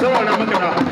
saurara maka da